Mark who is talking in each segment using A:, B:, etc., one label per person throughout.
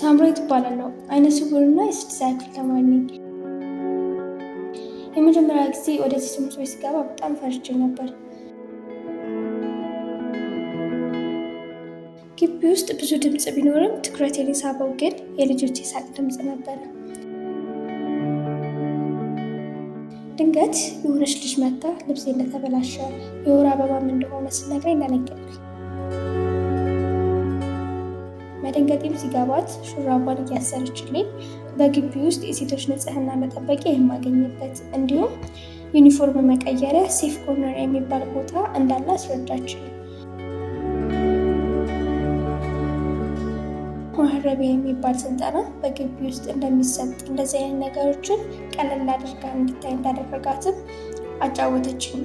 A: ሳምራዊት እባላለሁ። አይነ ስውርና የስድስተኛ ክፍል ተማሪ ነኝ። የመጀመሪያ ጊዜ ወደዚህ ትምህርት ቤት ስገባ በጣም ፈርቼ ነበር። ግቢ ውስጥ ብዙ ድምፅ ቢኖርም ትኩረት የሳበው ግን የልጆች የሳቅ ድምፅ ነበር። ድንገት የሆነች ልጅ መታ ልብሴ እንደተበላሸ የወር አበባም እንደሆነ ስነግረኝ ደነገጥኩኝ። መደንገጤም ሲገባት ሹራቧን እያሰረችልኝ በግቢ ውስጥ የሴቶች ንጽህና መጠበቂያ የማገኝበት እንዲሁም ዩኒፎርም መቀየሪያ ሴፍ ኮርነር የሚባል ቦታ እንዳለ አስረዳችኝ። መሀረቢያ የሚባል ስልጠና በግቢ ውስጥ እንደሚሰጥ እንደዚህ አይነት ነገሮችን ቀለል አድርጋ እንድታይ እንዳደረጋትም አጫወተችኝ።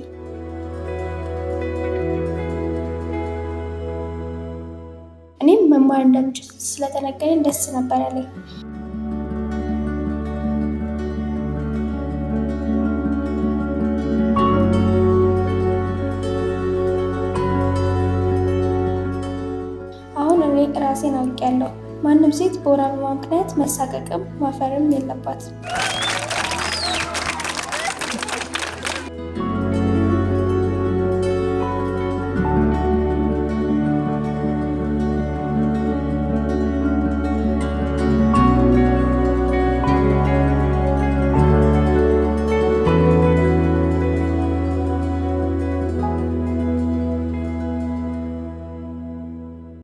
A: እኔም መማር እንደምችል ስለተነገረኝ ደስ ነበር ያለኝ። አሁን እኔ ራሴን ያለው ማንም ሴት በወር አበባ ምክንያት መሳቀቅም ማፈርም የለባትም።